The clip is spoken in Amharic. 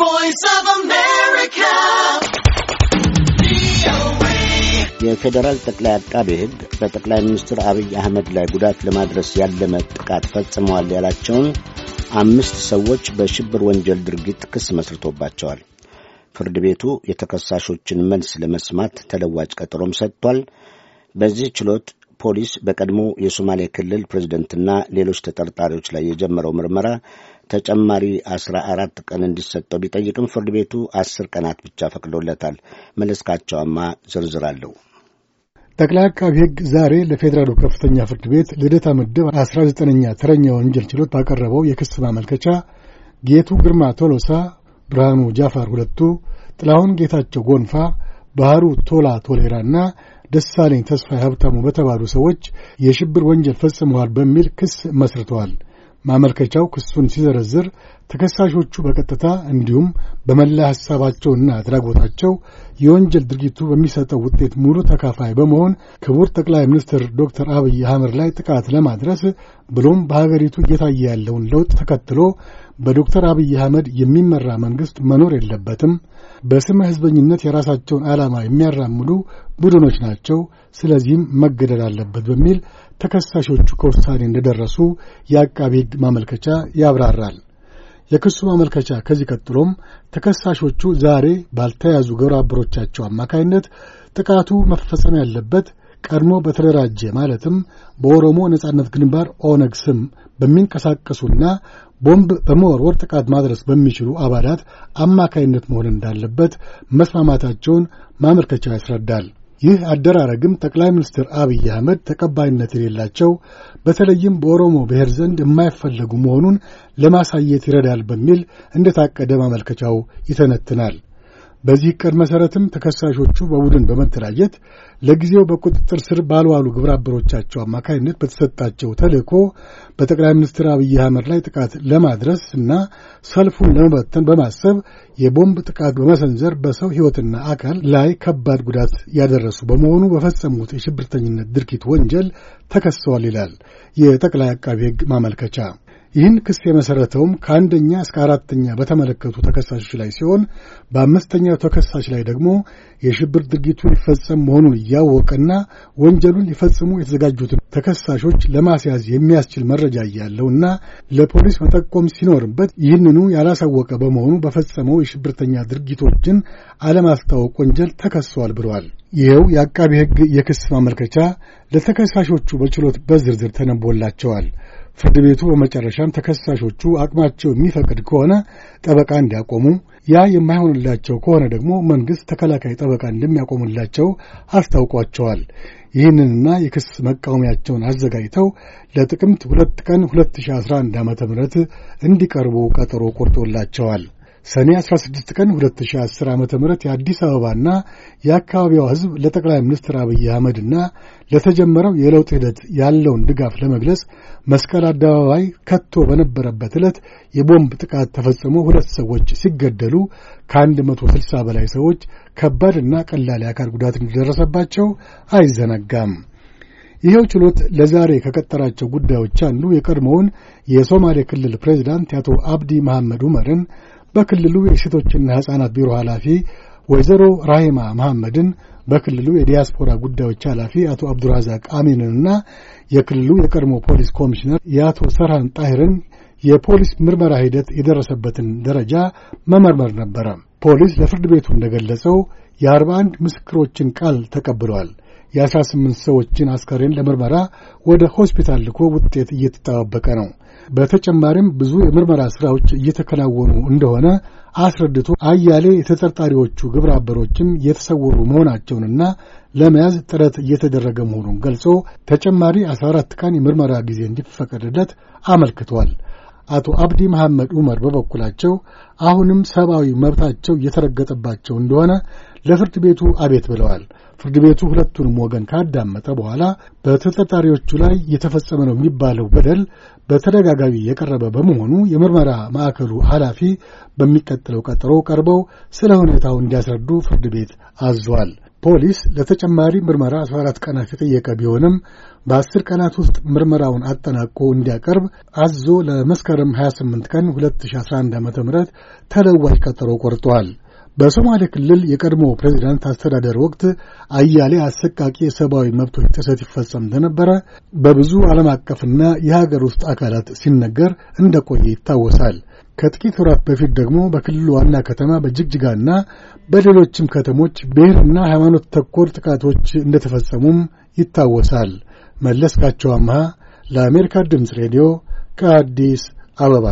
voice of America. የፌዴራል ጠቅላይ አቃቤ ሕግ በጠቅላይ ሚኒስትር አብይ አህመድ ላይ ጉዳት ለማድረስ ያለመ ጥቃት ፈጽመዋል ያላቸውን አምስት ሰዎች በሽብር ወንጀል ድርጊት ክስ መስርቶባቸዋል። ፍርድ ቤቱ የተከሳሾችን መልስ ለመስማት ተለዋጭ ቀጠሮም ሰጥቷል። በዚህ ችሎት ፖሊስ በቀድሞ የሶማሌ ክልል ፕሬዚደንትና ሌሎች ተጠርጣሪዎች ላይ የጀመረው ምርመራ ተጨማሪ አስራ አራት ቀን እንዲሰጠው ቢጠይቅም ፍርድ ቤቱ አስር ቀናት ብቻ ፈቅዶለታል። መለስካቸውማ ዝርዝር አለው። ጠቅላይ አቃቢ ሕግ ዛሬ ለፌዴራሉ ከፍተኛ ፍርድ ቤት ልደታ ምድብ አስራ ዘጠነኛ ተረኛ ወንጀል ችሎት ባቀረበው የክስ ማመልከቻ ጌቱ ግርማ ቶሎሳ፣ ብርሃኑ ጃፋር ሁለቱ፣ ጥላሁን ጌታቸው ጎንፋ፣ ባህሩ ቶላ ቶሌራና ደሳለኝ ተስፋ ሀብታሙ በተባሉ ሰዎች የሽብር ወንጀል ፈጽመዋል በሚል ክስ መስርተዋል። ማመልከቻው ክሱን ሲዘረዝር ተከሳሾቹ በቀጥታ እንዲሁም በመላ ሐሳባቸውና አድራጎታቸው የወንጀል ድርጊቱ በሚሰጠው ውጤት ሙሉ ተካፋይ በመሆን ክቡር ጠቅላይ ሚኒስትር ዶክተር አብይ አህመድ ላይ ጥቃት ለማድረስ ብሎም በሀገሪቱ እየታየ ያለውን ለውጥ ተከትሎ በዶክተር አብይ አህመድ የሚመራ መንግሥት መኖር የለበትም። በስመ ሕዝበኝነት የራሳቸውን ዓላማ የሚያራምዱ ቡድኖች ናቸው። ስለዚህም መገደል አለበት በሚል ተከሳሾቹ ከውሳኔ እንደደረሱ የአቃቢ ሕግ ማመልከቻ ያብራራል። የክሱ ማመልከቻ ከዚህ ቀጥሎም ተከሳሾቹ ዛሬ ባልተያዙ ግብረ አበሮቻቸው አማካይነት ጥቃቱ መፈጸም ያለበት ቀድሞ በተደራጀ ማለትም በኦሮሞ ነጻነት ግንባር ኦነግ ስም በሚንቀሳቀሱና ቦምብ በመወርወር ጥቃት ማድረስ በሚችሉ አባላት አማካይነት መሆን እንዳለበት መስማማታቸውን ማመልከቻው ያስረዳል። ይህ አደራረግም ጠቅላይ ሚኒስትር አብይ አህመድ ተቀባይነት የሌላቸው በተለይም በኦሮሞ ብሔር ዘንድ የማይፈለጉ መሆኑን ለማሳየት ይረዳል በሚል እንደታቀደ ማመልከቻው ይተነትናል። በዚህ ዕቅድ መሠረትም ተከሳሾቹ በቡድን በመተላየት ለጊዜው በቁጥጥር ስር ባልዋሉ ግብረአበሮቻቸው አማካኝነት በተሰጣቸው ተልእኮ በጠቅላይ ሚኒስትር አብይ አህመድ ላይ ጥቃት ለማድረስ እና ሰልፉን ለመበተን በማሰብ የቦምብ ጥቃት በመሰንዘር በሰው ሕይወትና አካል ላይ ከባድ ጉዳት ያደረሱ በመሆኑ በፈጸሙት የሽብርተኝነት ድርጊት ወንጀል ተከሰዋል ይላል የጠቅላይ አቃቢ ሕግ ማመልከቻ። ይህን ክስ የመሠረተውም ከአንደኛ እስከ አራተኛ በተመለከቱ ተከሳሾች ላይ ሲሆን በአምስተኛው ተከሳሽ ላይ ደግሞ የሽብር ድርጊቱ ሊፈጸም መሆኑን እያወቀና ወንጀሉን ሊፈጽሙ የተዘጋጁትን ተከሳሾች ለማስያዝ የሚያስችል መረጃ እያለውና ለፖሊስ መጠቆም ሲኖርበት ይህንኑ ያላሳወቀ በመሆኑ በፈጸመው የሽብርተኛ ድርጊቶችን አለማስታወቅ ወንጀል ተከሷል ብለዋል። ይኸው የአቃቢ ሕግ የክስ ማመልከቻ ለተከሳሾቹ በችሎት በዝርዝር ተነቦላቸዋል። ፍርድ ቤቱ በመጨረሻም ተከሳሾቹ አቅማቸው የሚፈቅድ ከሆነ ጠበቃ እንዲያቆሙ፣ ያ የማይሆንላቸው ከሆነ ደግሞ መንግሥት ተከላካይ ጠበቃ እንደሚያቆምላቸው አስታውቋቸዋል። ይህንንና የክስ መቃወሚያቸውን አዘጋጅተው ለጥቅምት ሁለት ቀን 2011 ዓ ም እንዲቀርቡ ቀጠሮ ቆርጦላቸዋል። ሰኔ 16 ቀን 2010 ዓ ም የአዲስ አበባና የአካባቢዋ ሕዝብ ለጠቅላይ ሚኒስትር አብይ አህመድና ለተጀመረው የለውጥ ሂደት ያለውን ድጋፍ ለመግለጽ መስቀል አደባባይ ከቶ በነበረበት ዕለት የቦምብ ጥቃት ተፈጽሞ ሁለት ሰዎች ሲገደሉ ከ160 በላይ ሰዎች ከባድና ቀላል የአካል ጉዳት እንደደረሰባቸው አይዘነጋም። ይኸው ችሎት ለዛሬ ከቀጠራቸው ጉዳዮች አንዱ የቀድሞውን የሶማሌ ክልል ፕሬዚዳንት የአቶ አብዲ መሐመድ ዑመርን በክልሉ የሴቶችና ሕፃናት ቢሮ ኃላፊ ወይዘሮ ራሂማ መሐመድን በክልሉ የዲያስፖራ ጉዳዮች ኃላፊ አቶ አብዱራዛቅ አሚንንና የክልሉ የቀድሞ ፖሊስ ኮሚሽነር የአቶ ሰርሃን ጣሂርን የፖሊስ ምርመራ ሂደት የደረሰበትን ደረጃ መመርመር ነበረ። ፖሊስ ለፍርድ ቤቱ እንደገለጸው የአርባ አንድ ምስክሮችን ቃል ተቀብለዋል። የአስራ ስምንት ሰዎችን አስከሬን ለምርመራ ወደ ሆስፒታል ልኮ ውጤት እየተጠባበቀ ነው። በተጨማሪም ብዙ የምርመራ ስራዎች እየተከናወኑ እንደሆነ አስረድቶ አያሌ የተጠርጣሪዎቹ ግብረ አበሮችም የተሰወሩ መሆናቸውንና ለመያዝ ጥረት እየተደረገ መሆኑን ገልጾ ተጨማሪ 14 ቀን የምርመራ ጊዜ እንዲፈቀድለት አመልክቷል። አቶ አብዲ መሐመድ ዑመር በበኩላቸው አሁንም ሰብአዊ መብታቸው እየተረገጠባቸው እንደሆነ ለፍርድ ቤቱ አቤት ብለዋል። ፍርድ ቤቱ ሁለቱንም ወገን ካዳመጠ በኋላ በተጠርጣሪዎቹ ላይ የተፈጸመ ነው የሚባለው በደል በተደጋጋሚ የቀረበ በመሆኑ የምርመራ ማዕከሉ ኃላፊ በሚቀጥለው ቀጠሮ ቀርበው ስለ ሁኔታው እንዲያስረዱ ፍርድ ቤት አዟል። ፖሊስ ለተጨማሪ ምርመራ 14 ቀናት የጠየቀ ቢሆንም በ10 ቀናት ውስጥ ምርመራውን አጠናቆ እንዲያቀርብ አዞ ለመስከረም 28 ቀን 2011 ዓ ም ተለዋጭ ቀጠሮ ቆርጧል። በሶማሌ ክልል የቀድሞ ፕሬዚዳንት አስተዳደር ወቅት አያሌ አሰቃቂ የሰብአዊ መብቶች ጥሰት ይፈጸም እንደነበረ በብዙ ዓለም አቀፍና የሀገር ውስጥ አካላት ሲነገር እንደቆየ ይታወሳል። ከጥቂት ወራት በፊት ደግሞ በክልሉ ዋና ከተማ በጅግጅጋና በሌሎችም ከተሞች ብሔርና ሃይማኖት ተኮር ጥቃቶች እንደተፈጸሙም ይታወሳል። መለስካቸው አምሃ ለአሜሪካ ድምፅ ሬዲዮ ከአዲስ አበባ